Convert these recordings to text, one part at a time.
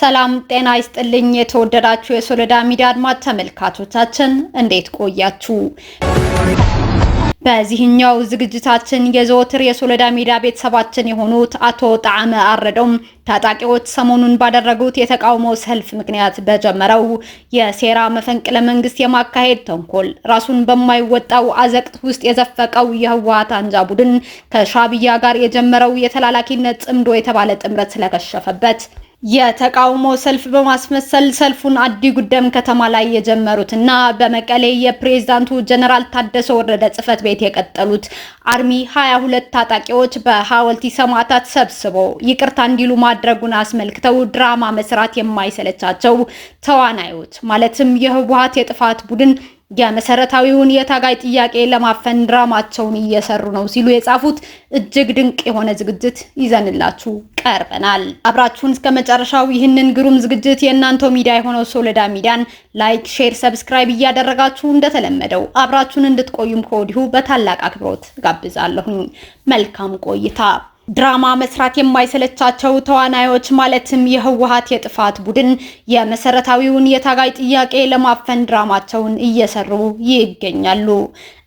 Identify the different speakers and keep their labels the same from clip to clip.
Speaker 1: ሰላም ጤና ይስጥልኝ። የተወደዳችሁ የሶለዳ ሚዲያ አድማጭ ተመልካቾቻችን እንዴት ቆያችሁ? በዚህኛው ዝግጅታችን የዘወትር የሶለዳ ሚዲያ ቤተሰባችን የሆኑት አቶ ጣዕመ አረዶም ታጣቂዎች ሰሞኑን ባደረጉት የተቃውሞ ሰልፍ ምክንያት በጀመረው የሴራ መፈንቅለ መንግስት የማካሄድ ተንኮል ራሱን በማይወጣው አዘቅት ውስጥ የዘፈቀው የህወሀት አንጃ ቡድን ከሻዕቢያ ጋር የጀመረው የተላላኪነት ጽምዶ የተባለ ጥምረት ስለከሸፈበት የተቃውሞ ሰልፍ በማስመሰል ሰልፉን አዲ ጉደም ከተማ ላይ እና በመቀሌ የፕሬዝዳንቱ ጀነራል ታደሰ ወረደ ጽህፈት ቤት የቀጠሉት አርሚ 22 ታጣቂዎች በሐወልቲ ሰማዕታት ሰብስበው ይቅርታ እንዲሉ ማድረጉን አስመልክተው ድራማ መስራት የማይሰለቻቸው ተዋናዮች ማለትም የህወሀት የጥፋት ቡድን የመሰረታዊውን የታጋይ ጥያቄ ለማፈን ድራማቸውን እየሰሩ ነው ሲሉ የጻፉት እጅግ ድንቅ የሆነ ዝግጅት ይዘንላችሁ ቀርበናል። አብራችሁን እስከ መጨረሻው። ይህንን ግሩም ዝግጅት የእናንተው ሚዲያ የሆነው ሶለዳ ሚዲያን ላይክ፣ ሼር፣ ሰብስክራይብ እያደረጋችሁ እንደተለመደው አብራችሁን እንድትቆዩም ከወዲሁ በታላቅ አክብሮት ጋብዛለሁኝ። መልካም ቆይታ ድራማ መስራት የማይሰለቻቸው ተዋናዮች ማለትም የህወሀት የጥፋት ቡድን የመሰረታዊውን የታጋይ ጥያቄ ለማፈን ድራማቸውን እየሰሩ ይገኛሉ።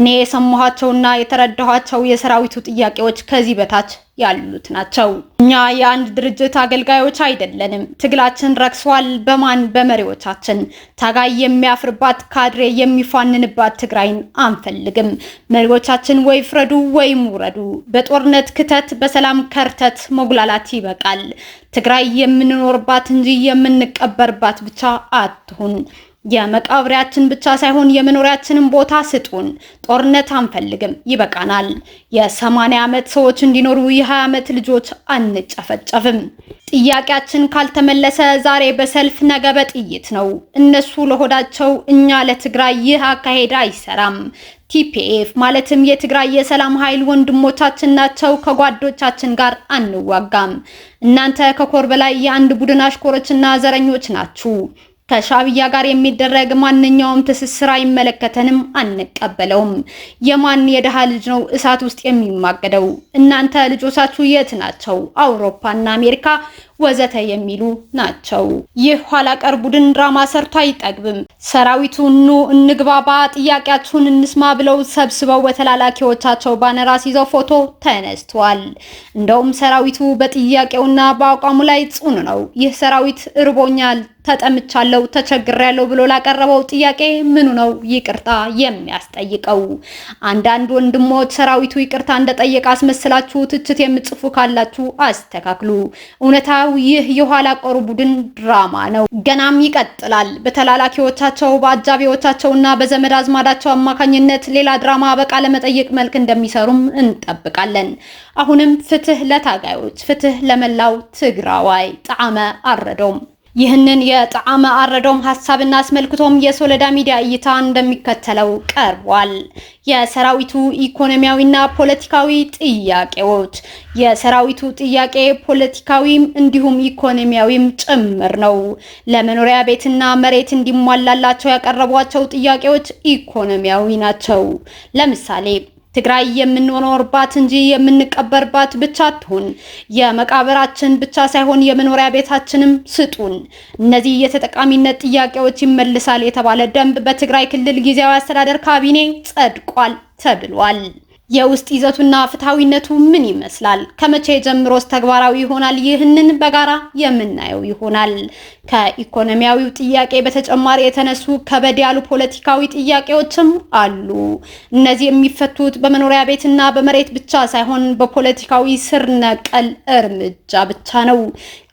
Speaker 1: እኔ የሰማኋቸውና የተረዳኋቸው የሰራዊቱ ጥያቄዎች ከዚህ በታች ያሉት ናቸው። እኛ የአንድ ድርጅት አገልጋዮች አይደለንም። ትግላችን ረክሷል። በማን በመሪዎቻችን። ታጋይ የሚያፍርባት ካድሬ የሚፋንንባት ትግራይን አንፈልግም። መሪዎቻችን ወይ ፍረዱ ወይም ውረዱ። በጦርነት ክተት፣ በሰላም ከርተት መጉላላት ይበቃል። ትግራይ የምንኖርባት እንጂ የምንቀበርባት ብቻ አትሁን። የመቃብሪያችን ብቻ ሳይሆን የመኖሪያችንን ቦታ ስጡን። ጦርነት አንፈልግም፣ ይበቃናል። የ80 ዓመት ሰዎች እንዲኖሩ የ20 ዓመት ልጆች አንጨፈጨፍም። ጥያቄያችን ካልተመለሰ ዛሬ በሰልፍ ነገ በጥይት ነው። እነሱ ለሆዳቸው፣ እኛ ለትግራይ። ይህ አካሄድ አይሰራም። ቲፒኤፍ ማለትም የትግራይ የሰላም ኃይል ወንድሞቻችን ናቸው። ከጓዶቻችን ጋር አንዋጋም። እናንተ ከኮር በላይ የአንድ ቡድን አሽኮሮችና ዘረኞች ናችሁ። ከሻቢያ ጋር የሚደረግ ማንኛውም ትስስር አይመለከተንም፣ አንቀበለውም። የማን የደሃ ልጅ ነው እሳት ውስጥ የሚማገደው? እናንተ ልጆቻችሁ የት ናቸው? አውሮፓና አሜሪካ ወዘተ የሚሉ ናቸው። ይህ ኋላ ቀር ቡድን ድራማ ሰርቶ አይጠግብም። ሰራዊቱ ኑ እንግባባ፣ ጥያቄያችሁን እንስማ ብለው ሰብስበው በተላላኪዎቻቸው ባነር አስይዘው ፎቶ ተነስተዋል። እንደውም ሰራዊቱ በጥያቄውና በአቋሙ ላይ ጽኑ ነው። ይህ ሰራዊት እርቦኛል፣ ተጠምቻለሁ፣ ተቸግሬያለሁ ብሎ ላቀረበው ጥያቄ ምኑ ነው ይቅርታ የሚያስጠይቀው? አንዳንድ ወንድሞች ሰራዊቱ ይቅርታ እንደጠየቀ አስመስላችሁ ትችት የምጽፉ ካላችሁ አስተካክሉ። እውነታ ሌላው ይህ የኋላ ቀሩ ቡድን ድራማ ነው፣ ገናም ይቀጥላል። በተላላኪዎቻቸው በአጃቢዎቻቸውና በዘመድ አዝማዳቸው አማካኝነት ሌላ ድራማ በቃለ መጠይቅ መልክ እንደሚሰሩም እንጠብቃለን። አሁንም ፍትህ ለታጋዮች፣ ፍትህ ለመላው ትግራዋይ ጣዕመ አረዶም ይህንን የጣዕመ አረዶም ሀሳብና አስመልክቶም የሶለዳ ሚዲያ እይታ እንደሚከተለው ቀርቧል። የሰራዊቱ ኢኮኖሚያዊና ፖለቲካዊ ጥያቄዎች የሰራዊቱ ጥያቄ ፖለቲካዊም እንዲሁም ኢኮኖሚያዊም ጭምር ነው። ለመኖሪያ ቤትና መሬት እንዲሟላላቸው ያቀረቧቸው ጥያቄዎች ኢኮኖሚያዊ ናቸው። ለምሳሌ ትግራይ የምንኖርባት እንጂ የምንቀበርባት ብቻ አትሁን። የመቃብራችን ብቻ ሳይሆን የመኖሪያ ቤታችንም ስጡን። እነዚህ የተጠቃሚነት ጥያቄዎች ይመልሳል የተባለ ደንብ በትግራይ ክልል ጊዜያዊ አስተዳደር ካቢኔ ጸድቋል ተብሏል። የውስጥ ይዘቱና ፍትሐዊነቱ ምን ይመስላል? ከመቼ ጀምሮስ ተግባራዊ ይሆናል? ይህንን በጋራ የምናየው ይሆናል። ከኢኮኖሚያዊው ጥያቄ በተጨማሪ የተነሱ ከበድ ያሉ ፖለቲካዊ ጥያቄዎችም አሉ። እነዚህ የሚፈቱት በመኖሪያ ቤትና በመሬት ብቻ ሳይሆን በፖለቲካዊ ስር ነቀል እርምጃ ብቻ ነው።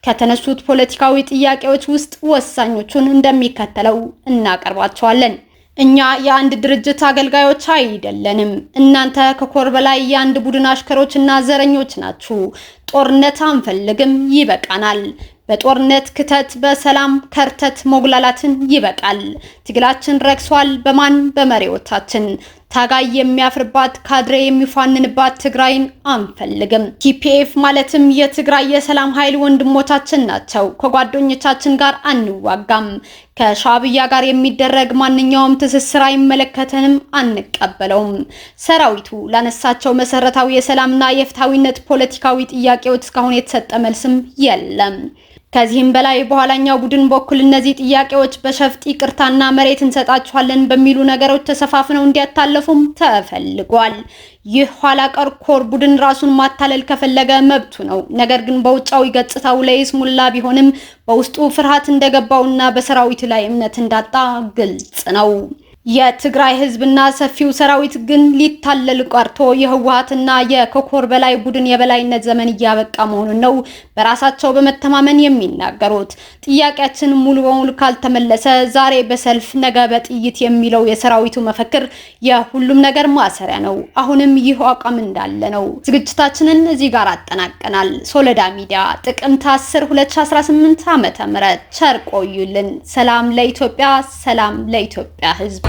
Speaker 1: ከተነሱት ፖለቲካዊ ጥያቄዎች ውስጥ ወሳኞቹን እንደሚከተለው እናቀርባቸዋለን። እኛ የአንድ ድርጅት አገልጋዮች አይደለንም። እናንተ ከኮር በላይ የአንድ ቡድን አሽከሮች እና ዘረኞች ናችሁ። ጦርነት አንፈልግም፣ ይበቃናል። በጦርነት ክተት፣ በሰላም ከርተት መጉላላትን ይበቃል። ትግላችን ረክሷል። በማን? በመሪዎቻችን ታጋይ የሚያፍርባት ካድሬ የሚፋንንባት ትግራይን አንፈልግም። ቲፒኤፍ ማለትም የትግራይ የሰላም ኃይል ወንድሞቻችን ናቸው። ከጓደኞቻችን ጋር አንዋጋም። ከሻብያ ጋር የሚደረግ ማንኛውም ትስስር አይመለከተንም፣ አንቀበለውም። ሰራዊቱ ላነሳቸው መሰረታዊ የሰላምና የፍትሐዊነት ፖለቲካዊ ጥያቄዎች እስካሁን የተሰጠ መልስም የለም። ከዚህም በላይ በኋላኛው ቡድን በኩል እነዚህ ጥያቄዎች በሸፍጥ ይቅርታና መሬት እንሰጣችኋለን በሚሉ ነገሮች ተሰፋፍነው እንዲያታለፉም ተፈልጓል። ይህ ኋላ ቀር ኮር ቡድን ራሱን ማታለል ከፈለገ መብቱ ነው። ነገር ግን በውጫዊ ገጽታው ላይ ስሙላ ቢሆንም በውስጡ ፍርሃት እንደገባውና በሰራዊቱ ላይ እምነት እንዳጣ ግልጽ ነው። የትግራይ ህዝብና ሰፊው ሰራዊት ግን ሊታለል ቀርቶ የህወሀትና የኮኮር በላይ ቡድን የበላይነት ዘመን እያበቃ መሆኑን ነው በራሳቸው በመተማመን የሚናገሩት። ጥያቄያችን ሙሉ በሙሉ ካልተመለሰ ዛሬ በሰልፍ ነገ በጥይት የሚለው የሰራዊቱ መፈክር የሁሉም ነገር ማሰሪያ ነው። አሁንም ይህ አቋም እንዳለ ነው። ዝግጅታችንን እዚህ ጋር አጠናቀናል። ሶለዳ ሚዲያ ጥቅምት 10 2018 ም ቸር ቆዩልን። ሰላም ለኢትዮጵያ፣ ሰላም ለኢትዮጵያ ህዝብ።